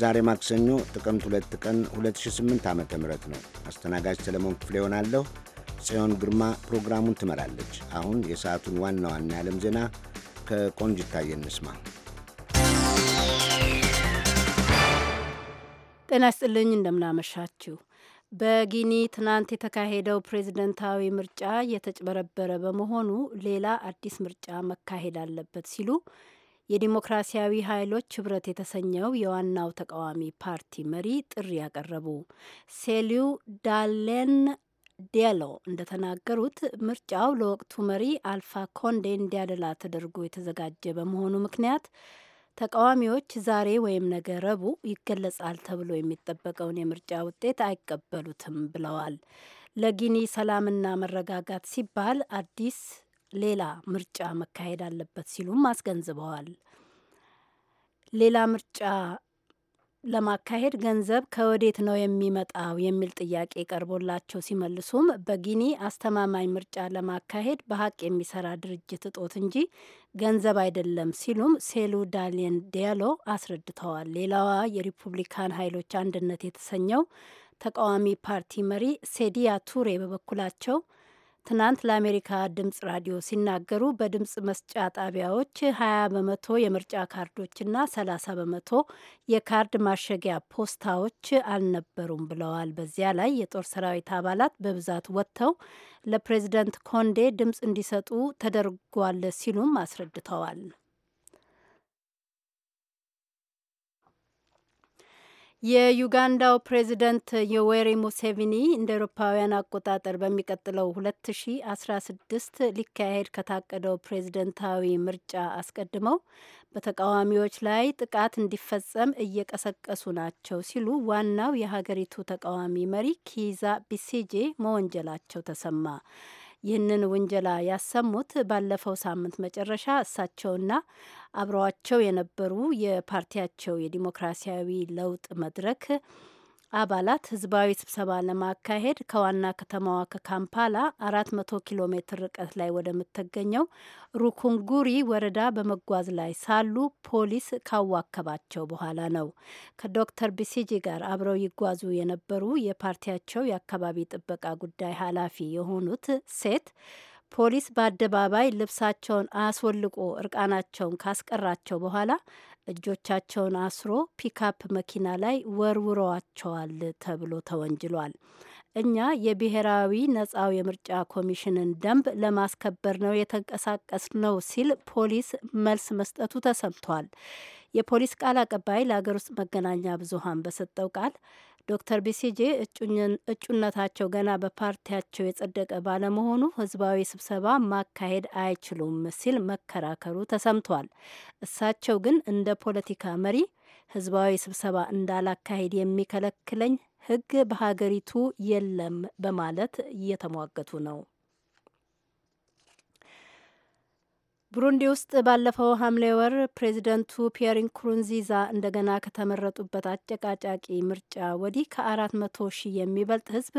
ዛሬ ማክሰኞ ጥቅምት 2 ቀን 2008 ዓ ም ነው። አስተናጋጅ ሰለሞን ክፍሌ ይሆናለሁ። ጽዮን ግርማ ፕሮግራሙን ትመራለች። አሁን የሰዓቱን ዋና ዋና የዓለም ዜና ከቆንጅት ታየ እንስማ። ጤና ይስጥልኝ፣ እንደምናመሻችሁ። በጊኒ ትናንት የተካሄደው ፕሬዝደንታዊ ምርጫ የተጭበረበረ በመሆኑ ሌላ አዲስ ምርጫ መካሄድ አለበት ሲሉ የዲሞክራሲያዊ ኃይሎች ህብረት የተሰኘው የዋናው ተቃዋሚ ፓርቲ መሪ ጥሪ ያቀረቡ ሴሊው ዳሌን ዲያሎ እንደተናገሩት ምርጫው ለወቅቱ መሪ አልፋ ኮንዴ እንዲያደላ ተደርጎ የተዘጋጀ በመሆኑ ምክንያት ተቃዋሚዎች ዛሬ ወይም ነገ ረቡዕ ይገለጻል ተብሎ የሚጠበቀውን የምርጫ ውጤት አይቀበሉትም ብለዋል። ለጊኒ ሰላምና መረጋጋት ሲባል አዲስ ሌላ ምርጫ መካሄድ አለበት ሲሉም አስገንዝበዋል። ሌላ ምርጫ ለማካሄድ ገንዘብ ከወዴት ነው የሚመጣው የሚል ጥያቄ ቀርቦላቸው ሲመልሱም በጊኒ አስተማማኝ ምርጫ ለማካሄድ በሀቅ የሚሰራ ድርጅት እጦት እንጂ ገንዘብ አይደለም ሲሉም ሴሉ ዳሊን ዲያሎ አስረድተዋል። ሌላዋ የሪፑብሊካን ኃይሎች አንድነት የተሰኘው ተቃዋሚ ፓርቲ መሪ ሴዲያ ቱሬ በበኩላቸው ትናንት ለአሜሪካ ድምፅ ራዲዮ ሲናገሩ በድምጽ መስጫ ጣቢያዎች 20 በመቶ የምርጫ ካርዶችና 30 በመቶ የካርድ ማሸጊያ ፖስታዎች አልነበሩም ብለዋል። በዚያ ላይ የጦር ሰራዊት አባላት በብዛት ወጥተው ለፕሬዚደንት ኮንዴ ድምፅ እንዲሰጡ ተደርጓል ሲሉም አስረድተዋል። የዩጋንዳው ፕሬዚደንት ዮዌሪ ሙሴቪኒ እንደ ኤሮፓውያን አቆጣጠር በሚቀጥለው 2016 ሊካሄድ ከታቀደው ፕሬዝደንታዊ ምርጫ አስቀድመው በተቃዋሚዎች ላይ ጥቃት እንዲፈጸም እየቀሰቀሱ ናቸው ሲሉ ዋናው የሀገሪቱ ተቃዋሚ መሪ ኪዛ ቢሲጄ መወንጀላቸው ተሰማ። ይህንን ውንጀላ ያሰሙት ባለፈው ሳምንት መጨረሻ እሳቸውና አብረዋቸው የነበሩ የፓርቲያቸው የዲሞክራሲያዊ ለውጥ መድረክ አባላት ህዝባዊ ስብሰባ ለማካሄድ ከዋና ከተማዋ ከካምፓላ 400 ኪሎ ሜትር ርቀት ላይ ወደምትገኘው ሩኩንጉሪ ወረዳ በመጓዝ ላይ ሳሉ ፖሊስ ካዋከባቸው በኋላ ነው። ከዶክተር ቢሲጂ ጋር አብረው ይጓዙ የነበሩ የፓርቲያቸው የአካባቢ ጥበቃ ጉዳይ ኃላፊ የሆኑት ሴት ፖሊስ በአደባባይ ልብሳቸውን አስወልቆ እርቃናቸውን ካስቀራቸው በኋላ እጆቻቸውን አስሮ ፒካፕ መኪና ላይ ወርውረዋቸዋል ተብሎ ተወንጅሏል። እኛ የብሔራዊ ነጻው የምርጫ ኮሚሽንን ደንብ ለማስከበር ነው የተንቀሳቀስ ነው ሲል ፖሊስ መልስ መስጠቱ ተሰምቷል። የፖሊስ ቃል አቀባይ ለሀገር ውስጥ መገናኛ ብዙሃን በሰጠው ቃል ዶክተር ቢሲጄ እጩነታቸው ገና በፓርቲያቸው የጸደቀ ባለመሆኑ ህዝባዊ ስብሰባ ማካሄድ አይችሉም ሲል መከራከሩ ተሰምቷል። እሳቸው ግን እንደ ፖለቲካ መሪ ህዝባዊ ስብሰባ እንዳላካሄድ የሚከለክለኝ ህግ በሀገሪቱ የለም በማለት እየተሟገቱ ነው። ቡሩንዲ ውስጥ ባለፈው ሐምሌ ወር ፕሬዚደንቱ ፒየር ንኩሩንዚዛ እንደገና ከተመረጡበት አጨቃጫቂ ምርጫ ወዲህ ከአራት መቶ ሺህ የሚበልጥ ሕዝብ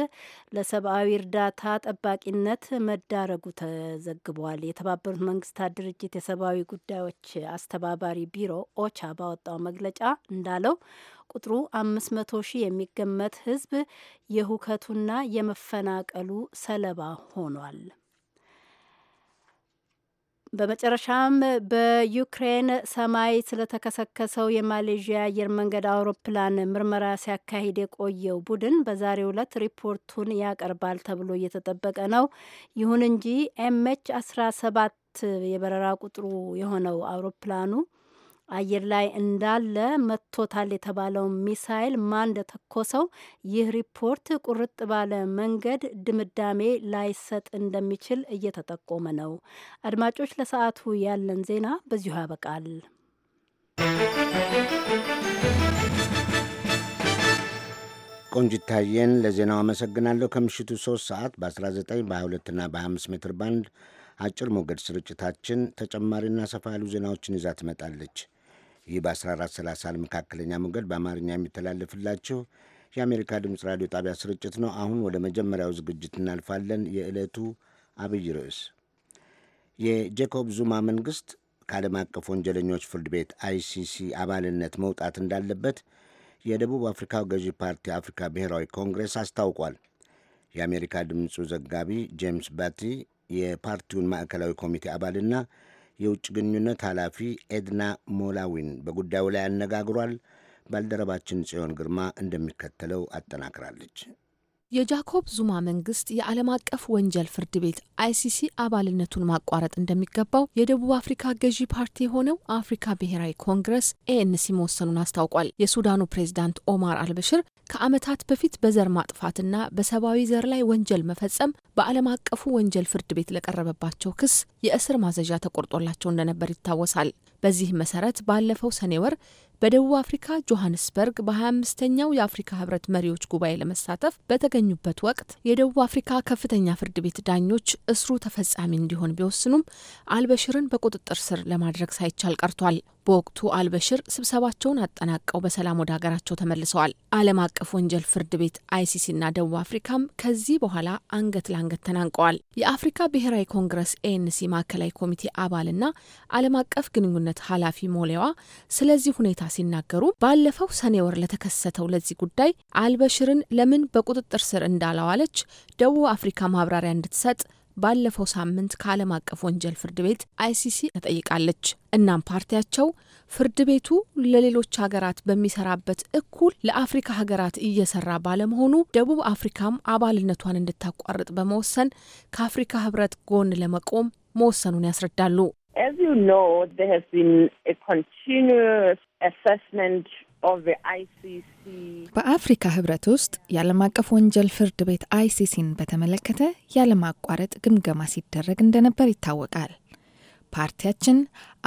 ለሰብአዊ እርዳታ ጠባቂነት መዳረጉ ተዘግቧል። የተባበሩት መንግስታት ድርጅት የሰብአዊ ጉዳዮች አስተባባሪ ቢሮ ኦቻ ባወጣው መግለጫ እንዳለው ቁጥሩ አምስት መቶ ሺህ የሚገመት ሕዝብ የሁከቱና የመፈናቀሉ ሰለባ ሆኗል። በመጨረሻም በዩክሬን ሰማይ ስለተከሰከሰው የማሌዥያ አየር መንገድ አውሮፕላን ምርመራ ሲያካሂድ የቆየው ቡድን በዛሬው ዕለት ሪፖርቱን ያቀርባል ተብሎ እየተጠበቀ ነው። ይሁን እንጂ ኤምኤች 17 የበረራ ቁጥሩ የሆነው አውሮፕላኑ አየር ላይ እንዳለ መጥቶታል የተባለው ሚሳይል ማን እንደተኮሰው ይህ ሪፖርት ቁርጥ ባለ መንገድ ድምዳሜ ላይሰጥ እንደሚችል እየተጠቆመ ነው። አድማጮች፣ ለሰዓቱ ያለን ዜና በዚሁ ያበቃል። ቆንጅታየን ለዜናው አመሰግናለሁ። ከምሽቱ 3 ሰዓት በ19 በ22ና በ25 ሜትር ባንድ አጭር ሞገድ ስርጭታችን ተጨማሪና ሰፋ ያሉ ዜናዎችን ይዛ ትመጣለች። ይህ በ1430 መካከለኛ ሞገድ በአማርኛ የሚተላለፍላችሁ የአሜሪካ ድምፅ ራዲዮ ጣቢያ ስርጭት ነው። አሁን ወደ መጀመሪያው ዝግጅት እናልፋለን። የዕለቱ አብይ ርዕስ የጄኮብ ዙማ መንግሥት ከዓለም አቀፍ ወንጀለኞች ፍርድ ቤት አይሲሲ አባልነት መውጣት እንዳለበት የደቡብ አፍሪካው ገዢ ፓርቲ አፍሪካ ብሔራዊ ኮንግረስ አስታውቋል። የአሜሪካ ድምፁ ዘጋቢ ጄምስ ባቲ የፓርቲውን ማዕከላዊ ኮሚቴ አባልና የውጭ ግንኙነት ኃላፊ ኤድና ሞላዊን በጉዳዩ ላይ አነጋግሯል። ባልደረባችን ጽዮን ግርማ እንደሚከተለው አጠናክራለች። የጃኮብ ዙማ መንግስት የዓለም አቀፍ ወንጀል ፍርድ ቤት አይሲሲ አባልነቱን ማቋረጥ እንደሚገባው የደቡብ አፍሪካ ገዢ ፓርቲ የሆነው አፍሪካ ብሔራዊ ኮንግረስ ኤኤንሲ መወሰኑን አስታውቋል። የሱዳኑ ፕሬዝዳንት ኦማር አልበሽር ከዓመታት በፊት በዘር ማጥፋትና በሰብአዊ ዘር ላይ ወንጀል መፈጸም በዓለም አቀፉ ወንጀል ፍርድ ቤት ለቀረበባቸው ክስ የእስር ማዘዣ ተቆርጦላቸው እንደነበር ይታወሳል። በዚህ መሰረት ባለፈው ሰኔ ወር በደቡብ አፍሪካ ጆሀንስበርግ በ25ኛው የአፍሪካ ህብረት መሪዎች ጉባኤ ለመሳተፍ በተገኙበት ወቅት የደቡብ አፍሪካ ከፍተኛ ፍርድ ቤት ዳኞች እስሩ ተፈጻሚ እንዲሆን ቢወስኑም አልበሽርን በቁጥጥር ስር ለማድረግ ሳይቻል ቀርቷል። በወቅቱ አልበሽር ስብሰባቸውን አጠናቀው በሰላም ወደ ሀገራቸው ተመልሰዋል። ዓለም አቀፍ ወንጀል ፍርድ ቤት አይሲሲና ደቡብ አፍሪካም ከዚህ በኋላ አንገት ለአንገት ተናንቀዋል። የአፍሪካ ብሔራዊ ኮንግረስ ኤንሲ ማዕከላዊ ኮሚቴ አባልና ዓለም አቀፍ ግንኙነት ኃላፊ ሞሌዋ ስለዚህ ሁኔታ ሲናገሩ ባለፈው ሰኔ ወር ለተከሰተው ለዚህ ጉዳይ አልበሽርን ለምን በቁጥጥር ስር እንዳላዋለች ደቡብ አፍሪካ ማብራሪያ እንድትሰጥ ባለፈው ሳምንት ከዓለም አቀፍ ወንጀል ፍርድ ቤት አይሲሲ ተጠይቃለች። እናም ፓርቲያቸው ፍርድ ቤቱ ለሌሎች ሀገራት በሚሰራበት እኩል ለአፍሪካ ሀገራት እየሰራ ባለመሆኑ ደቡብ አፍሪካም አባልነቷን እንድታቋርጥ በመወሰን ከአፍሪካ ሕብረት ጎን ለመቆም መወሰኑን ያስረዳሉ። As you know, there has been a continuous assessment በአፍሪካ ህብረት ውስጥ የዓለም አቀፍ ወንጀል ፍርድ ቤት አይሲሲን በተመለከተ ያለማቋረጥ ግምገማ ሲደረግ እንደነበር ይታወቃል። ፓርቲያችን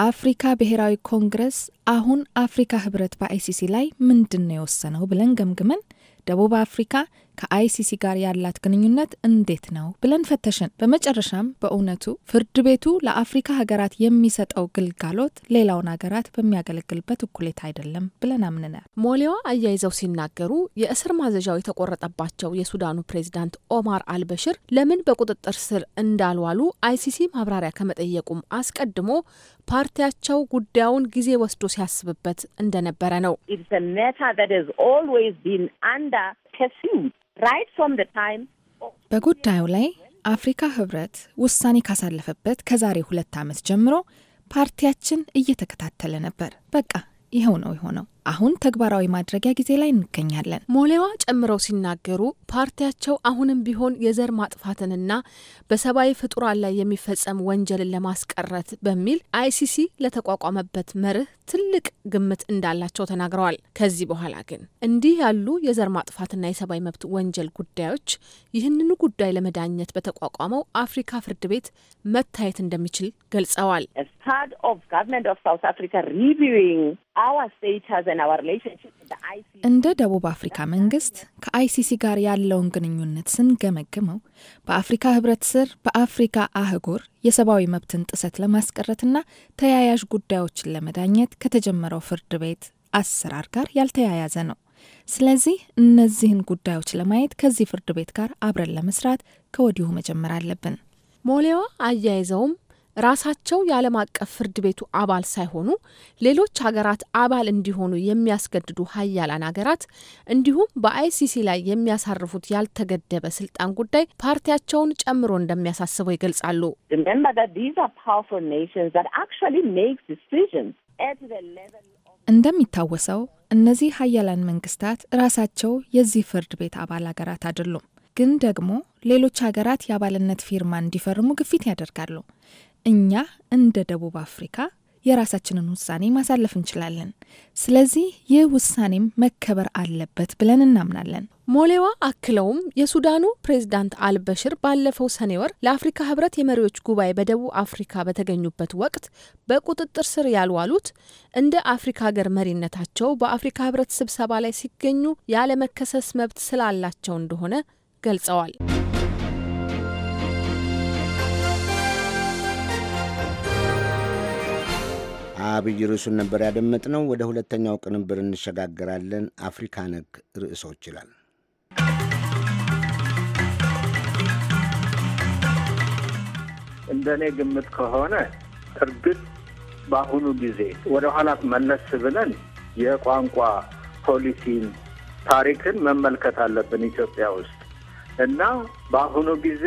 አፍሪካ ብሔራዊ ኮንግረስ አሁን አፍሪካ ህብረት በአይሲሲ ላይ ምንድን ነው የወሰነው ብለን ገምግመን ደቡብ አፍሪካ ከአይሲሲ ጋር ያላት ግንኙነት እንዴት ነው ብለን ፈተሽን። በመጨረሻም በእውነቱ ፍርድ ቤቱ ለአፍሪካ ሀገራት የሚሰጠው ግልጋሎት ሌላውን ሀገራት በሚያገለግልበት እኩሌታ አይደለም ብለን አምንናል። ሞሊዋ አያይዘው ሲናገሩ የእስር ማዘዣው የተቆረጠባቸው የሱዳኑ ፕሬዚዳንት ኦማር አልበሽር ለምን በቁጥጥር ስር እንዳልዋሉ አይሲሲ ማብራሪያ ከመጠየቁም አስቀድሞ ፓርቲያቸው ጉዳዩን ጊዜ ወስዶ ሲያስብበት እንደነበረ ነው። በጉዳዩ ላይ አፍሪካ ህብረት ውሳኔ ካሳለፈበት ከዛሬ ሁለት ዓመት ጀምሮ ፓርቲያችን እየተከታተለ ነበር። በቃ ይኸው ነው የሆነው። አሁን ተግባራዊ ማድረጊያ ጊዜ ላይ እንገኛለን። ሞሌዋ ጨምረው ሲናገሩ ፓርቲያቸው አሁንም ቢሆን የዘር ማጥፋትንና በሰብአዊ ፍጡራን ላይ የሚፈጸም ወንጀልን ለማስቀረት በሚል አይሲሲ ለተቋቋመበት መርህ ትልቅ ግምት እንዳላቸው ተናግረዋል። ከዚህ በኋላ ግን እንዲህ ያሉ የዘር ማጥፋትና የሰብአዊ መብት ወንጀል ጉዳዮች ይህንኑ ጉዳይ ለመዳኘት በተቋቋመው አፍሪካ ፍርድ ቤት መታየት እንደሚችል ገልጸዋል። እንደ ደቡብ አፍሪካ መንግስት ከአይሲሲ ጋር ያለውን ግንኙነት ስንገመግመው በአፍሪካ ህብረት ስር በአፍሪካ አህጉር የሰብአዊ መብትን ጥሰት ለማስቀረትና ተያያዥ ጉዳዮችን ለመዳኘት ከተጀመረው ፍርድ ቤት አሰራር ጋር ያልተያያዘ ነው። ስለዚህ እነዚህን ጉዳዮች ለማየት ከዚህ ፍርድ ቤት ጋር አብረን ለመስራት ከወዲሁ መጀመር አለብን። ሞሌዋ አያይዘውም ራሳቸው የዓለም አቀፍ ፍርድ ቤቱ አባል ሳይሆኑ ሌሎች ሀገራት አባል እንዲሆኑ የሚያስገድዱ ሀያላን ሀገራት እንዲሁም በአይሲሲ ላይ የሚያሳርፉት ያልተገደበ ስልጣን ጉዳይ ፓርቲያቸውን ጨምሮ እንደሚያሳስበው ይገልጻሉ። እንደሚታወሰው እነዚህ ሀያላን መንግስታት ራሳቸው የዚህ ፍርድ ቤት አባል ሀገራት አይደሉም። ግን ደግሞ ሌሎች ሀገራት የአባልነት ፊርማ እንዲፈርሙ ግፊት ያደርጋሉ። እኛ እንደ ደቡብ አፍሪካ የራሳችንን ውሳኔ ማሳለፍ እንችላለን። ስለዚህ ይህ ውሳኔም መከበር አለበት ብለን እናምናለን። ሞሌዋ አክለውም የሱዳኑ ፕሬዝዳንት አልበሽር ባለፈው ሰኔ ወር ለአፍሪካ ህብረት የመሪዎች ጉባኤ በደቡብ አፍሪካ በተገኙበት ወቅት በቁጥጥር ስር ያልዋሉት እንደ አፍሪካ ሀገር መሪነታቸው በአፍሪካ ህብረት ስብሰባ ላይ ሲገኙ ያለመከሰስ መብት ስላላቸው እንደሆነ ገልጸዋል። አብይ ርዕሱን ነበር ያደመጥነው። ወደ ሁለተኛው ቅንብር እንሸጋገራለን። አፍሪካ ነክ ርዕሶች ይላል። እንደ እኔ ግምት ከሆነ እርግጥ በአሁኑ ጊዜ ወደ ኋላት መለስ ብለን የቋንቋ ፖሊሲን፣ ታሪክን መመልከት አለብን ኢትዮጵያ ውስጥ እና በአሁኑ ጊዜ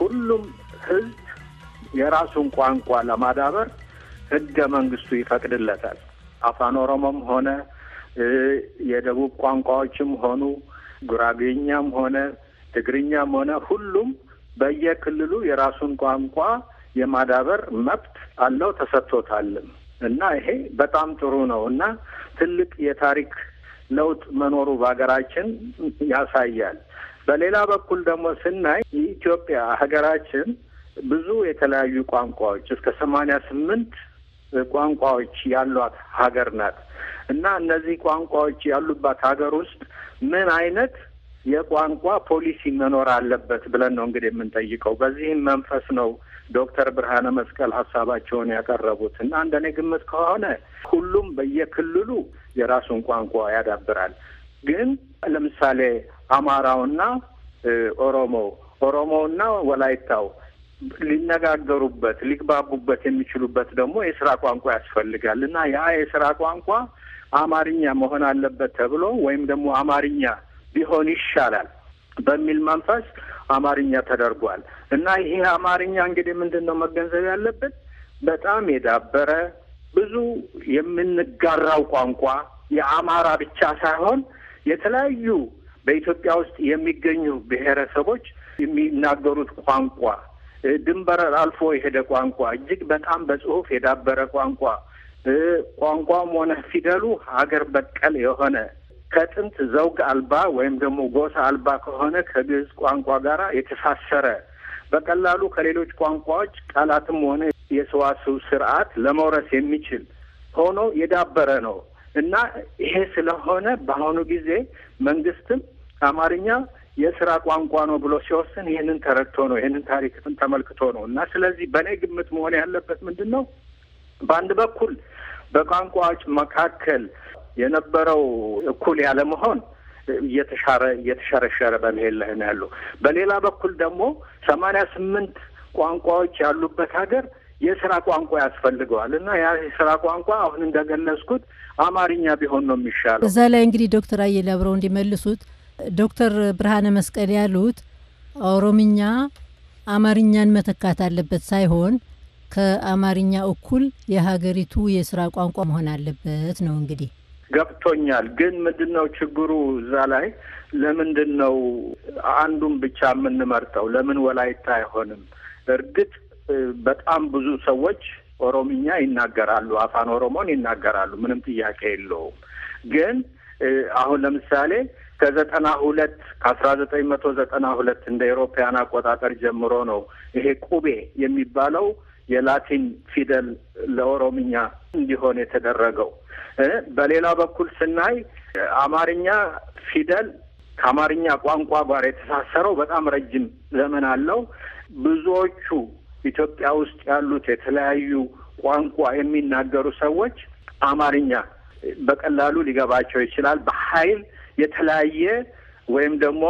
ሁሉም ሕዝብ የራሱን ቋንቋ ለማዳበር ህገ መንግስቱ ይፈቅድለታል። አፋን ኦሮሞም ሆነ የደቡብ ቋንቋዎችም ሆኑ ጉራጌኛም ሆነ ትግርኛም ሆነ ሁሉም በየክልሉ የራሱን ቋንቋ የማዳበር መብት አለው ተሰጥቶታልም። እና ይሄ በጣም ጥሩ ነው እና ትልቅ የታሪክ ለውጥ መኖሩ በሀገራችን ያሳያል። በሌላ በኩል ደግሞ ስናይ የኢትዮጵያ ሀገራችን ብዙ የተለያዩ ቋንቋዎች እስከ ሰማንያ ስምንት ቋንቋዎች ያሏት ሀገር ናት እና እነዚህ ቋንቋዎች ያሉባት ሀገር ውስጥ ምን አይነት የቋንቋ ፖሊሲ መኖር አለበት ብለን ነው እንግዲህ የምንጠይቀው። በዚህም መንፈስ ነው ዶክተር ብርሃነ መስቀል ሀሳባቸውን ያቀረቡት እና እንደኔ ግምት ከሆነ ሁሉም በየክልሉ የራሱን ቋንቋ ያዳብራል። ግን ለምሳሌ አማራውና ኦሮሞ ኦሮሞውና ወላይታው ሊነጋገሩበት ሊግባቡበት የሚችሉበት ደግሞ የስራ ቋንቋ ያስፈልጋል እና ያ የስራ ቋንቋ አማርኛ መሆን አለበት ተብሎ ወይም ደግሞ አማርኛ ቢሆን ይሻላል በሚል መንፈስ አማርኛ ተደርጓል እና ይሄ አማርኛ እንግዲህ ምንድን ነው መገንዘብ ያለብን በጣም የዳበረ ብዙ የምንጋራው ቋንቋ የአማራ ብቻ ሳይሆን የተለያዩ በኢትዮጵያ ውስጥ የሚገኙ ብሔረሰቦች የሚናገሩት ቋንቋ ድንበር አልፎ የሄደ ቋንቋ እጅግ በጣም በጽሁፍ የዳበረ ቋንቋ ቋንቋም ሆነ ፊደሉ ሀገር በቀል የሆነ ከጥንት ዘውግ አልባ ወይም ደግሞ ጎሳ አልባ ከሆነ ከግዕዝ ቋንቋ ጋር የተሳሰረ በቀላሉ ከሌሎች ቋንቋዎች ቃላትም ሆነ የሰዋስው ስርዓት ለመውረስ የሚችል ሆኖ የዳበረ ነው እና ይሄ ስለሆነ በአሁኑ ጊዜ መንግስትም አማርኛ የስራ ቋንቋ ነው ብሎ ሲወስን ይህንን ተረድቶ ነው ይህንን ታሪክን ተመልክቶ ነው እና ስለዚህ በእኔ ግምት መሆን ያለበት ምንድን ነው በአንድ በኩል በቋንቋዎች መካከል የነበረው እኩል ያለመሆን እየተሻረ እየተሸረሸረ በመሄድ ላይ ነው ያለው። በሌላ በኩል ደግሞ ሰማንያ ስምንት ቋንቋዎች ያሉበት ሀገር የስራ ቋንቋ ያስፈልገዋል እና ያ የስራ ቋንቋ አሁን እንደገለጽኩት አማርኛ ቢሆን ነው የሚሻለው። እዛ ላይ እንግዲህ ዶክተር አየለ አብረው እንዲመልሱት ዶክተር ብርሃነ መስቀል ያሉት ኦሮምኛ አማርኛን መተካት አለበት ሳይሆን ከአማርኛ እኩል የሀገሪቱ የስራ ቋንቋ መሆን አለበት ነው። እንግዲህ ገብቶኛል። ግን ምንድን ነው ችግሩ እዛ ላይ? ለምንድን ነው አንዱን ብቻ የምንመርጠው? ለምን ወላይታ አይሆንም? እርግጥ በጣም ብዙ ሰዎች ኦሮምኛ ይናገራሉ፣ አፋን ኦሮሞን ይናገራሉ። ምንም ጥያቄ የለውም። ግን አሁን ለምሳሌ ዘጠና ሁለት ከአስራ ዘጠኝ መቶ ዘጠና ሁለት እንደ ኤሮፓያን አቆጣጠር ጀምሮ ነው ይሄ ቁቤ የሚባለው የላቲን ፊደል ለኦሮምኛ እንዲሆን የተደረገው። በሌላ በኩል ስናይ አማርኛ ፊደል ከአማርኛ ቋንቋ ጋር የተሳሰረው በጣም ረጅም ዘመን አለው። ብዙዎቹ ኢትዮጵያ ውስጥ ያሉት የተለያዩ ቋንቋ የሚናገሩ ሰዎች አማርኛ በቀላሉ ሊገባቸው ይችላል። በኃይል የተለያየ ወይም ደግሞ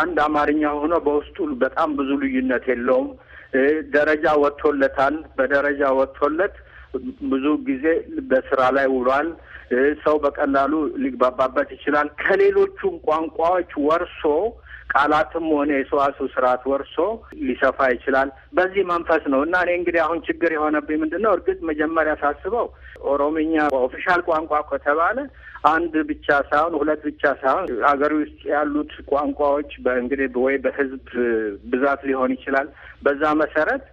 አንድ አማርኛ ሆኖ በውስጡ በጣም ብዙ ልዩነት የለውም። ደረጃ ወጥቶለታል። በደረጃ ወጥቶለት ብዙ ጊዜ በስራ ላይ ውሏል። ሰው በቀላሉ ሊግባባበት ይችላል። ከሌሎቹም ቋንቋዎች ወርሶ ቃላትም ሆነ የሰዋስው ስርዓት ወርሶ ሊሰፋ ይችላል። በዚህ መንፈስ ነው እና እኔ እንግዲህ አሁን ችግር የሆነብኝ ምንድን ነው? እርግጥ መጀመሪያ ሳስበው ኦሮምኛ ኦፊሻል ቋንቋ ከተባለ አንድ ብቻ ሳይሆን ሁለት ብቻ ሳይሆን አገር ውስጥ ያሉት ቋንቋዎች በእንግዲህ ወይ በህዝብ ብዛት ሊሆን ይችላል። በዛ መሰረት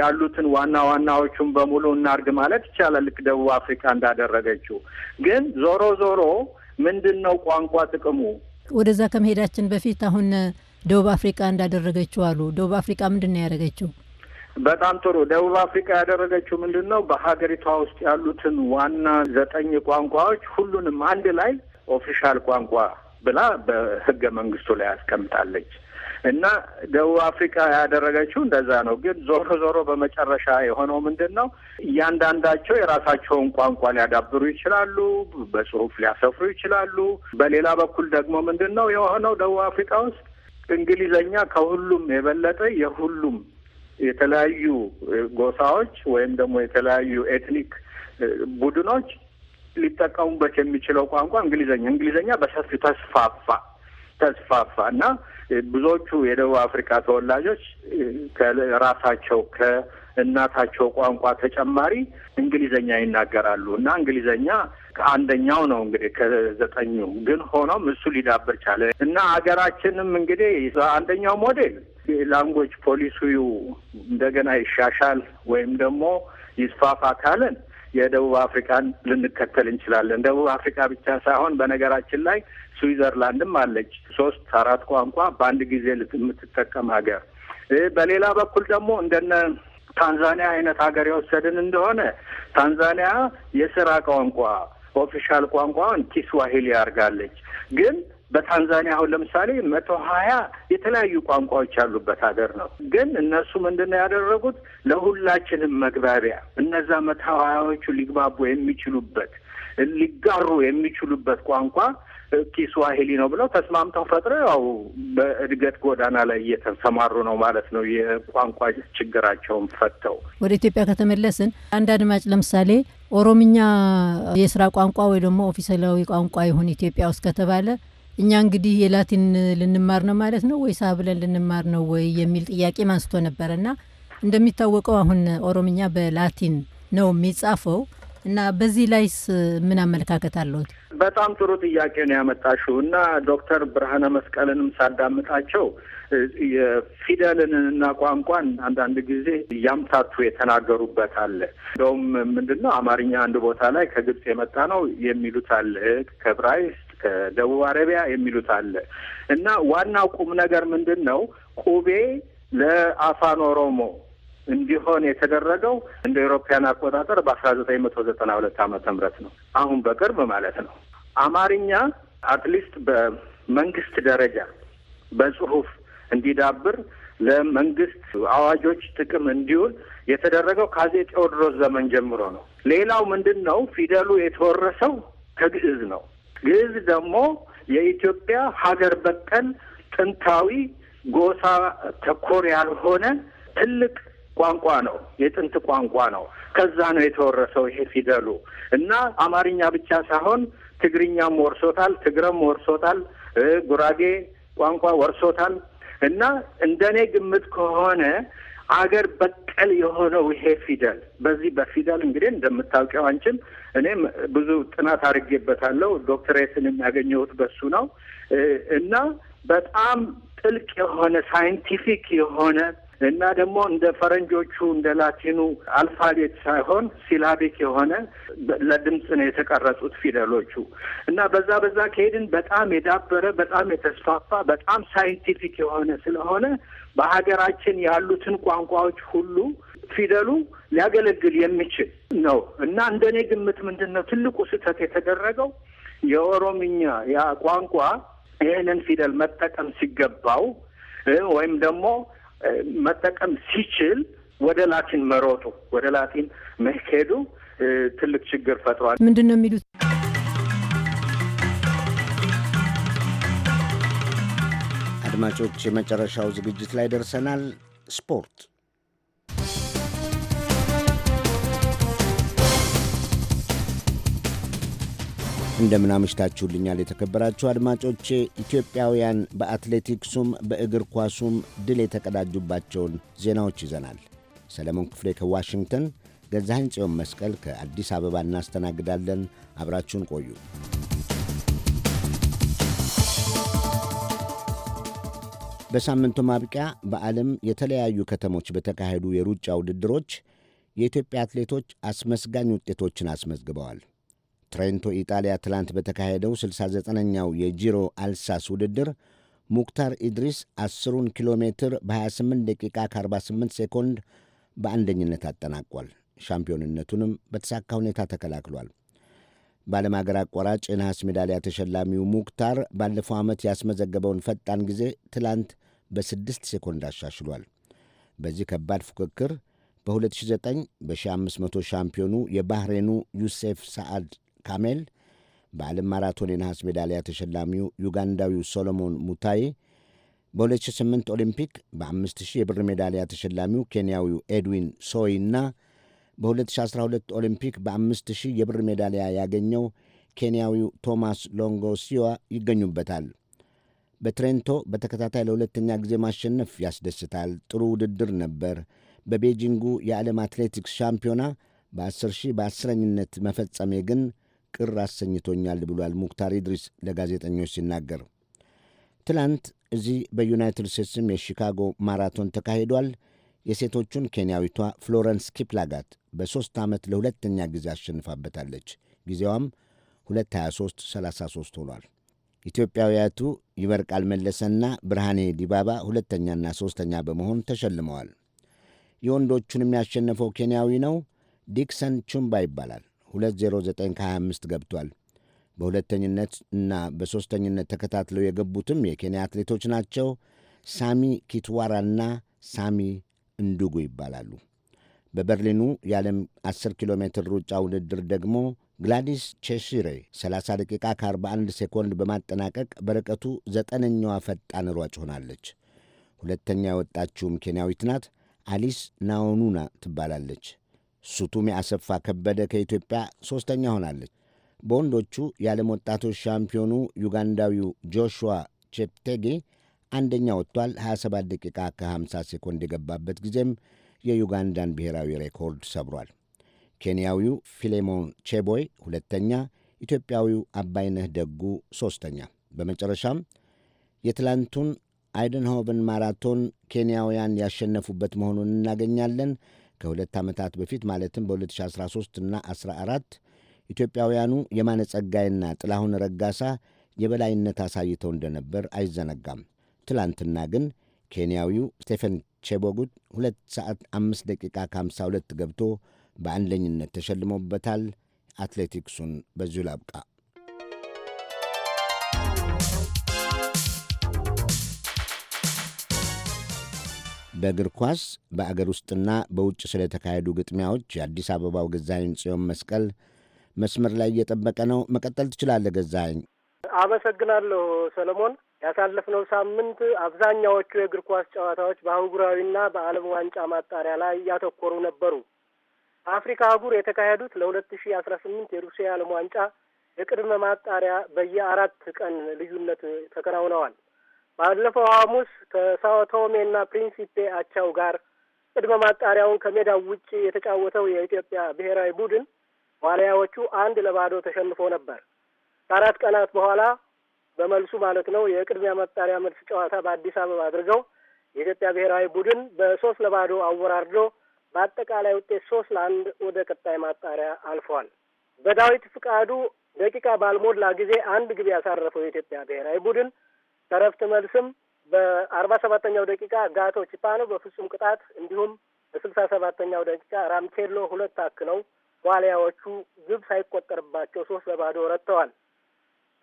ያሉትን ዋና ዋናዎቹን በሙሉ እናርግ ማለት ይቻላል። ልክ ደቡብ አፍሪካ እንዳደረገችው። ግን ዞሮ ዞሮ ምንድን ነው ቋንቋ ጥቅሙ? ወደዛ ከመሄዳችን በፊት አሁን ደቡብ አፍሪካ እንዳደረገችው አሉ። ደቡብ አፍሪካ ምንድን ነው ያደረገችው? በጣም ጥሩ። ደቡብ አፍሪካ ያደረገችው ምንድን ነው? በሀገሪቷ ውስጥ ያሉትን ዋና ዘጠኝ ቋንቋዎች ሁሉንም አንድ ላይ ኦፊሻል ቋንቋ ብላ በህገ መንግስቱ ላይ አስቀምጣለች። እና ደቡብ አፍሪካ ያደረገችው እንደዛ ነው። ግን ዞሮ ዞሮ በመጨረሻ የሆነው ምንድን ነው? እያንዳንዳቸው የራሳቸውን ቋንቋ ሊያዳብሩ ይችላሉ፣ በጽሁፍ ሊያሰፍሩ ይችላሉ። በሌላ በኩል ደግሞ ምንድን ነው የሆነው? ደቡብ አፍሪካ ውስጥ እንግሊዘኛ ከሁሉም የበለጠ የሁሉም የተለያዩ ጎሳዎች ወይም ደግሞ የተለያዩ ኤትኒክ ቡድኖች ሊጠቀሙበት የሚችለው ቋንቋ እንግሊዘኛ እንግሊዘኛ በሰፊው ተስፋፋ ተስፋፋ እና ብዙዎቹ የደቡብ አፍሪካ ተወላጆች ከራሳቸው ከእናታቸው ቋንቋ ተጨማሪ እንግሊዘኛ ይናገራሉ እና እንግሊዘኛ አንደኛው ነው እንግዲህ ከዘጠኙ ግን ሆኖም እሱ ሊዳብር ቻለ እና ሀገራችንም እንግዲህ አንደኛው ሞዴል ላንጎጅ ፖሊሱ እንደገና ይሻሻል ወይም ደግሞ ይስፋፋ ካለን የደቡብ አፍሪካን ልንከተል እንችላለን። ደቡብ አፍሪካ ብቻ ሳይሆን በነገራችን ላይ ስዊዘርላንድም አለች፣ ሶስት አራት ቋንቋ በአንድ ጊዜ የምትጠቀም ሀገር። በሌላ በኩል ደግሞ እንደነ ታንዛኒያ አይነት ሀገር የወሰድን እንደሆነ ታንዛኒያ የስራ ቋንቋ ኦፊሻል ቋንቋን ኪስዋሂሊ ያርጋለች ግን በታንዛኒያ አሁን ለምሳሌ መቶ ሀያ የተለያዩ ቋንቋዎች ያሉበት ሀገር ነው። ግን እነሱ ምንድን ነው ያደረጉት ለሁላችንም መግባቢያ እነዛ መቶ ሀያዎቹ ሊግባቡ የሚችሉበት ሊጋሩ የሚችሉበት ቋንቋ ኪስዋሂሊ ነው ብለው ተስማምተው ፈጥረው ያው በእድገት ጎዳና ላይ እየተሰማሩ ነው ማለት ነው። የቋንቋ ችግራቸውን ፈተው ወደ ኢትዮጵያ ከተመለስን አንድ አድማጭ ለምሳሌ ኦሮምኛ የስራ ቋንቋ ወይ ደግሞ ኦፊሴላዊ ቋንቋ ይሁን ኢትዮጵያ ውስጥ ከተባለ እኛ እንግዲህ የላቲን ልንማር ነው ማለት ነው ወይስ ብለን ልንማር ነው ወይ የሚል ጥያቄ አንስቶ ነበረ እና እንደሚታወቀው አሁን ኦሮምኛ በላቲን ነው የሚጻፈው እና በዚህ ላይስ ምን አመለካከት አለሁት? በጣም ጥሩ ጥያቄ ነው ያመጣሽው እና ዶክተር ብርሃነ መስቀልንም ሳዳምጣቸው የፊደልን እና ቋንቋን አንዳንድ ጊዜ እያምታቱ የተናገሩበት አለ። እንደውም ምንድን ነው አማርኛ አንድ ቦታ ላይ ከግብጽ የመጣ ነው የሚሉት አለ፣ ከዕብራይስጥ ከደቡብ አረቢያ የሚሉት አለ እና ዋናው ቁም ነገር ምንድን ነው? ቁቤ ለአፋን ኦሮሞ እንዲሆን የተደረገው እንደ ኤሮፓያን አቆጣጠር በአስራ ዘጠኝ መቶ ዘጠና ሁለት ዓመተ ምህረት ነው። አሁን በቅርብ ማለት ነው። አማርኛ አትሊስት በመንግስት ደረጃ በጽሁፍ እንዲዳብር ለመንግስት አዋጆች ጥቅም እንዲውል የተደረገው ከአፄ ቴዎድሮስ ዘመን ጀምሮ ነው። ሌላው ምንድን ነው? ፊደሉ የተወረሰው ከግዕዝ ነው። ግዕዝ ደግሞ የኢትዮጵያ ሀገር በቀል ጥንታዊ ጎሳ ተኮር ያልሆነ ትልቅ ቋንቋ ነው። የጥንት ቋንቋ ነው። ከዛ ነው የተወረሰው ይሄ ፊደሉ እና አማርኛ ብቻ ሳይሆን ትግርኛም ወርሶታል፣ ትግረም ወርሶታል፣ ጉራጌ ቋንቋ ወርሶታል እና እንደኔ ግምት ከሆነ አገር በቀል የሆነው ይሄ ፊደል በዚህ በፊደል እንግዲህ እንደምታውቂው አንቺም እኔም ብዙ ጥናት አድርጌበታለሁ። ዶክትሬትን የሚያገኘሁት በሱ ነው እና በጣም ጥልቅ የሆነ ሳይንቲፊክ የሆነ እና ደግሞ እንደ ፈረንጆቹ እንደ ላቲኑ አልፋቤት ሳይሆን ሲላቢክ የሆነ ለድምፅ ነው የተቀረጹት ፊደሎቹ። እና በዛ በዛ ከሄድን በጣም የዳበረ በጣም የተስፋፋ በጣም ሳይንቲፊክ የሆነ ስለሆነ በሀገራችን ያሉትን ቋንቋዎች ሁሉ ፊደሉ ሊያገለግል የሚችል ነው እና እንደ እኔ ግምት ምንድን ነው ትልቁ ስህተት የተደረገው የኦሮምኛ ያ ቋንቋ ይህንን ፊደል መጠቀም ሲገባው ወይም ደግሞ መጠቀም ሲችል ወደ ላቲን መሮጡ ወደ ላቲን መሄዱ ትልቅ ችግር ፈጥሯል። ምንድን ነው የሚሉት? አድማጮች፣ የመጨረሻው ዝግጅት ላይ ደርሰናል። ስፖርት እንደምናመሽታችሁልኛል አምሽታችሁልኛል የተከበራችሁ አድማጮቼ። ኢትዮጵያውያን በአትሌቲክሱም በእግር ኳሱም ድል የተቀዳጁባቸውን ዜናዎች ይዘናል። ሰለሞን ክፍሌ ከዋሽንግተን፣ ገዛኸኝ ጽዮን መስቀል ከአዲስ አበባ እናስተናግዳለን። አብራችሁን ቆዩ። በሳምንቱ ማብቂያ በዓለም የተለያዩ ከተሞች በተካሄዱ የሩጫ ውድድሮች የኢትዮጵያ አትሌቶች አስመስጋኝ ውጤቶችን አስመዝግበዋል። ትሬንቶ ኢጣሊያ ትላንት በተካሄደው 69ኛው የጂሮ አልሳስ ውድድር ሙክታር ኢድሪስ 10ሩን ኪሎ ሜትር በ28 ደቂቃ ከ48 ሴኮንድ በአንደኝነት አጠናቋል። ሻምፒዮንነቱንም በተሳካ ሁኔታ ተከላክሏል። በዓለም አገር አቋራጭ የነሐስ ሜዳሊያ ተሸላሚው ሙክታር ባለፈው ዓመት ያስመዘገበውን ፈጣን ጊዜ ትላንት በስድስት ሴኮንድ አሻሽሏል። በዚህ ከባድ ፉክክር በ2009 በ1500 ሻምፒዮኑ የባህሬኑ ዩሴፍ ሰዓድ ካሜል፣ በዓለም ማራቶን የነሐስ ሜዳሊያ ተሸላሚው ዩጋንዳዊው ሶሎሞን ሙታይ፣ በ2008 ኦሊምፒክ በ5000 የብር ሜዳሊያ ተሸላሚው ኬንያዊው ኤድዊን ሶይ እና በ2012 ኦሊምፒክ በ5000 የብር ሜዳሊያ ያገኘው ኬንያዊው ቶማስ ሎንጎሲዋ ይገኙበታል። በትሬንቶ በተከታታይ ለሁለተኛ ጊዜ ማሸነፍ ያስደስታል። ጥሩ ውድድር ነበር። በቤጂንጉ የዓለም አትሌቲክስ ሻምፒዮና በ10 ሺህ በአስረኝነት መፈጸሜ ግን ቅር አሰኝቶኛል ብሏል ሙክታር ኢድሪስ ለጋዜጠኞች ሲናገር። ትላንት እዚህ በዩናይትድ ስቴትስም የሺካጎ ማራቶን ተካሂዷል። የሴቶቹን ኬንያዊቷ ፍሎረንስ ኪፕላጋት በሦስት ዓመት ለሁለተኛ ጊዜ አሸንፋበታለች። ጊዜዋም 22333 ሆኗል። ኢትዮጵያውያቱ ይበርቃል መለሰና ብርሃኔ ዲባባ ሁለተኛና ሦስተኛ በመሆን ተሸልመዋል። የወንዶቹንም ያሸነፈው ኬንያዊ ነው። ዲክሰን ቹምባ ይባላል። 20925 ገብቷል። በሁለተኝነት እና በሦስተኝነት ተከታትለው የገቡትም የኬንያ አትሌቶች ናቸው። ሳሚ ኪትዋራና ሳሚ እንዱጉ ይባላሉ። በበርሊኑ የዓለም 10 ኪሎ ሜትር ሩጫ ውድድር ደግሞ ግላዲስ ቼሺሬ 30 ደቂቃ ከ41 ሴኮንድ በማጠናቀቅ በርቀቱ ዘጠነኛዋ ፈጣን ሯጭ ሆናለች። ሁለተኛ የወጣችውም ኬንያዊት ናት። አሊስ ናኦኑና ትባላለች። ሱቱሜ አሰፋ ከበደ ከኢትዮጵያ ሦስተኛ ሆናለች። በወንዶቹ የዓለም ወጣቶች ሻምፒዮኑ ዩጋንዳዊው ጆሹዋ ቼፕቴጌ አንደኛ ወጥቷል። 27 ደቂቃ ከ50 ሴኮንድ የገባበት ጊዜም የዩጋንዳን ብሔራዊ ሬኮርድ ሰብሯል። ኬንያዊው ፊሌሞን ቼቦይ ሁለተኛ፣ ኢትዮጵያዊው አባይነህ ደጉ ሦስተኛ። በመጨረሻም የትላንቱን አይደንሆቨን ማራቶን ኬንያውያን ያሸነፉበት መሆኑን እናገኛለን። ከሁለት ዓመታት በፊት ማለትም በ2013 እና 14 ኢትዮጵያውያኑ የማነ ጸጋይና ጥላሁን ረጋሳ የበላይነት አሳይተው እንደነበር አይዘነጋም። ትላንትና ግን ኬንያዊው ስቴፈን ቼቦጉት 2 ሰዓት 5 ደቂቃ ከ52 ገብቶ በአንደኝነት ተሸልሞበታል። አትሌቲክሱን በዚሁ ላብቃ። በእግር ኳስ በአገር ውስጥና በውጭ ስለተካሄዱ ግጥሚያዎች የአዲስ አበባው ገዛኸኝ ጽዮን መስቀል መስመር ላይ እየጠበቀ ነው። መቀጠል ትችላለህ ገዛኸኝ። አመሰግናለሁ ሰለሞን። ያሳለፍነው ሳምንት አብዛኛዎቹ የእግር ኳስ ጨዋታዎች በአህጉራዊና በዓለም ዋንጫ ማጣሪያ ላይ እያተኮሩ ነበሩ። በአፍሪካ አህጉር የተካሄዱት ለሁለት ሺ አስራ ስምንት የሩሲያ ዓለም ዋንጫ የቅድመ ማጣሪያ በየአራት ቀን ልዩነት ተከናውነዋል። ባለፈው ሐሙስ ከሳውቶሜና ፕሪንሲፔ አቻው ጋር ቅድመ ማጣሪያውን ከሜዳው ውጭ የተጫወተው የኢትዮጵያ ብሔራዊ ቡድን ዋልያዎቹ አንድ ለባዶ ተሸንፎ ነበር። ከአራት ቀናት በኋላ በመልሱ ማለት ነው የቅድሚያ ማጣሪያ መልስ ጨዋታ በአዲስ አበባ አድርገው የኢትዮጵያ ብሔራዊ ቡድን በሶስት ለባዶ አወራርዶ በአጠቃላይ ውጤት ሶስት ለአንድ ወደ ቀጣይ ማጣሪያ አልፏል። በዳዊት ፍቃዱ ደቂቃ ባልሞላ ጊዜ አንድ ግብ ያሳረፈው የኢትዮጵያ ብሔራዊ ቡድን ከረፍት መልስም በአርባ ሰባተኛው ደቂቃ ጋቶ ቺፓኖ በፍጹም ቅጣት እንዲሁም በስልሳ ሰባተኛው ደቂቃ ራምኬሎ ሁለት አክለው ዋሊያዎቹ ግብ ሳይቆጠርባቸው ሶስት ለባዶ ረትተዋል።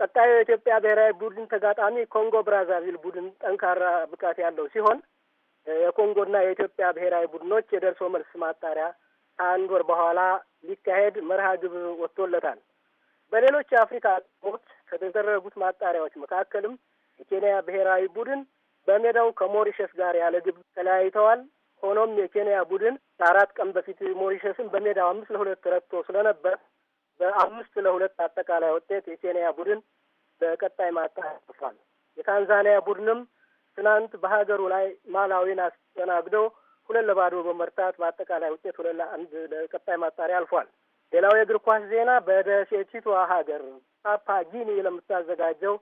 ቀጣዩ የኢትዮጵያ ብሔራዊ ቡድን ተጋጣሚ ኮንጎ ብራዛቪል ቡድን ጠንካራ ብቃት ያለው ሲሆን የኮንጎና የኢትዮጵያ ብሔራዊ ቡድኖች የደርሶ መልስ ማጣሪያ ከአንድ ወር በኋላ ሊካሄድ መርሃ ግብ ወጥቶለታል። በሌሎች የአፍሪካ ሞት ከተደረጉት ማጣሪያዎች መካከልም የኬንያ ብሔራዊ ቡድን በሜዳው ከሞሪሸስ ጋር ያለ ግብ ተለያይተዋል። ሆኖም የኬንያ ቡድን ከአራት ቀን በፊት ሞሪሸስን በሜዳው አምስት ለሁለት ረትቶ ስለነበር በአምስት ለሁለት አጠቃላይ ውጤት የኬንያ ቡድን በቀጣይ ማጣፋል። የታንዛኒያ ቡድንም ትናንት በሀገሩ ላይ ማላዊን አስተናግዶ ሁለት ለባዶ በመርታት በአጠቃላይ ውጤት ሁለት ለአንድ ለቀጣይ ማጣሪያ አልፏል። ሌላው የእግር ኳስ ዜና በደሴቲቷ ሀገር ፓፓ ጊኒ ለምታዘጋጀው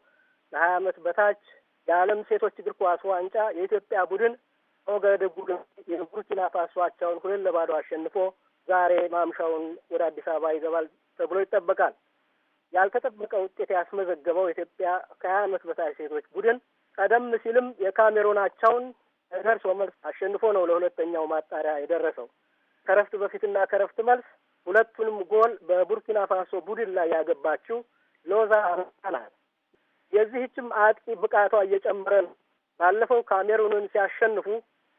ለሀያ ዓመት በታች የዓለም ሴቶች እግር ኳስ ዋንጫ የኢትዮጵያ ቡድን ኦጋዴጉን የቡርኪና ፋሷቸውን ሁለት ለባዶ አሸንፎ ዛሬ ማምሻውን ወደ አዲስ አበባ ይገባል ተብሎ ይጠበቃል። ያልተጠበቀ ውጤት ያስመዘገበው የኢትዮጵያ ከሀያ ዓመት በታች ሴቶች ቡድን ቀደም ሲልም የካሜሮናቸውን ደርሶ መልስ አሸንፎ ነው ለሁለተኛው ማጣሪያ የደረሰው። ከረፍት በፊትና ከረፍት መልስ ሁለቱንም ጎል በቡርኪና ፋሶ ቡድን ላይ ያገባችው ሎዛ ናት። የዚህችም አጥቂ ብቃቷ እየጨመረ ነው። ባለፈው ካሜሩንን ሲያሸንፉ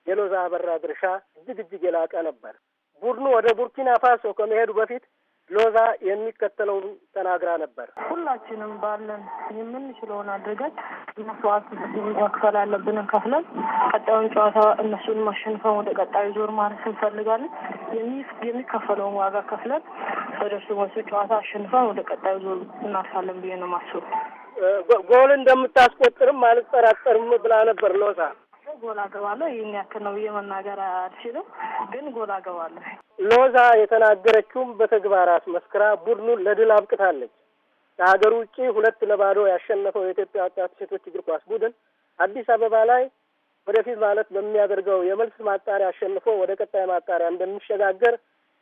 የሎዛ አበራ ድርሻ እጅግ እጅግ የላቀ ነበር። ቡድኑ ወደ ቡርኪና ፋሶ ከመሄዱ በፊት ሎዛ የሚከተለውን ተናግራ ነበር። ሁላችንም ባለን የምንችለውን አድርገን መስዋዕት መክፈል ያለብንን ከፍለን ቀጣዩን ጨዋታ እነሱን ማሸንፈን ወደ ቀጣዩ ዞር ማረስ እንፈልጋለን። የሚከፈለውን ዋጋ ከፍለን በደርሶ መልስ ጨዋታ አሸንፈን ወደ ቀጣዩ ዞር እናርሳለን ብዬ ነው የማስበው። ጎል እንደምታስቆጥርም አልጠራጠርም ብላ ነበር ሎዛ። ጎል አገባለሁ ይህን ያክል ነው ብዬ መናገር አልችልም፣ ግን ጎል አገባለሁ። ሎዛ የተናገረችውም በተግባር አስመስክራ ቡድኑን ለድል አብቅታለች። ከሀገር ውጭ ሁለት ለባዶ ያሸነፈው የኢትዮጵያ ወጣት ሴቶች እግር ኳስ ቡድን አዲስ አበባ ላይ ወደፊት ማለት በሚያደርገው የመልስ ማጣሪያ አሸንፎ ወደ ቀጣይ ማጣሪያ እንደሚሸጋገር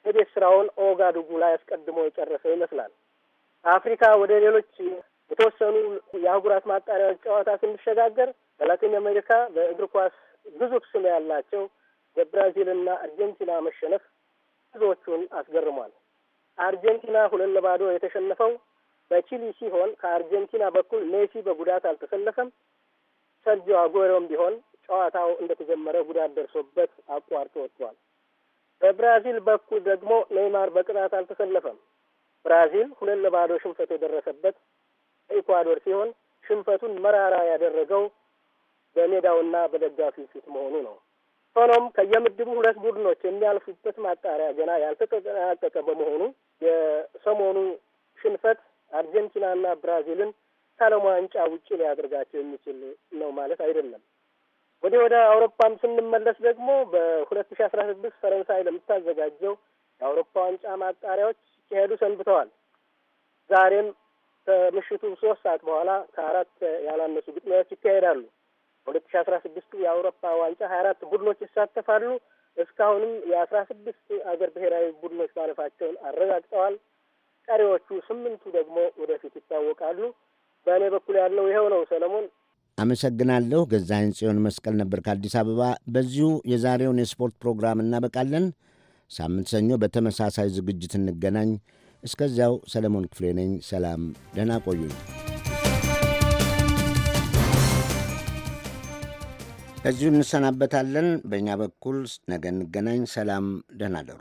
የቤት ስራውን ኦጋዱጉ ላይ አስቀድሞ የጨረሰ ይመስላል። አፍሪካ ወደ ሌሎች የተወሰኑ የአህጉራት ማጣሪያ ጨዋታ ስንሸጋገር በላቲን አሜሪካ በእግር ኳስ ግዙፍ ስም ያላቸው የብራዚልና አርጀንቲና መሸነፍ ብዙዎቹን አስገርሟል። አርጀንቲና ሁለት ለባዶ የተሸነፈው በቺሊ ሲሆን ከአርጀንቲና በኩል ሜሲ በጉዳት አልተሰለፈም። ሰርጂዮ አጉዌሮም ቢሆን ጨዋታው እንደተጀመረ ጉዳት ደርሶበት አቋርጦ ወጥቷል። በብራዚል በኩል ደግሞ ኔይማር በቅጣት አልተሰለፈም። ብራዚል ሁለት ለባዶ ሽንፈት የደረሰበት ኢኳዶር ሲሆን ሽንፈቱን መራራ ያደረገው በሜዳውና በደጋፊ ፊት መሆኑ ነው። ሆኖም ከየምድቡ ሁለት ቡድኖች የሚያልፉበት ማጣሪያ ገና ያልተጠናቀቀ በመሆኑ የሰሞኑ ሽንፈት አርጀንቲናና ብራዚልን ከዓለም ዋንጫ ውጭ ሊያደርጋቸው የሚችል ነው ማለት አይደለም። ወዲህ ወደ አውሮፓም ስንመለስ ደግሞ በሁለት ሺ አስራ ስድስት ፈረንሳይ ለምታዘጋጀው የአውሮፓ ዋንጫ ማጣሪያዎች ሲሄዱ ሰንብተዋል። ዛሬም ከምሽቱ ሶስት ሰዓት በኋላ ከአራት ያላነሱ ግጥሚያዎች ይካሄዳሉ። ሁለት ሺ አስራ ስድስቱ የአውሮፓ ዋንጫ ሀያ አራት ቡድኖች ይሳተፋሉ። እስካሁንም የአስራ ስድስት አገር ብሔራዊ ቡድኖች ማለፋቸውን አረጋግጠዋል። ቀሪዎቹ ስምንቱ ደግሞ ወደፊት ይታወቃሉ። በእኔ በኩል ያለው ይኸው ነው። ሰለሞን አመሰግናለሁ። ገዛኸኝ ጽዮን መስቀል ነበር ከአዲስ አበባ። በዚሁ የዛሬውን የስፖርት ፕሮግራም እናበቃለን። ሳምንት ሰኞ በተመሳሳይ ዝግጅት እንገናኝ። እስከዚያው ሰለሞን ክፍሌ ነኝ። ሰላም፣ ደህና ቆዩኝ። በዚሁ እንሰናበታለን። በእኛ በኩል ነገ እንገናኝ። ሰላም፣ ደህና ደሩ።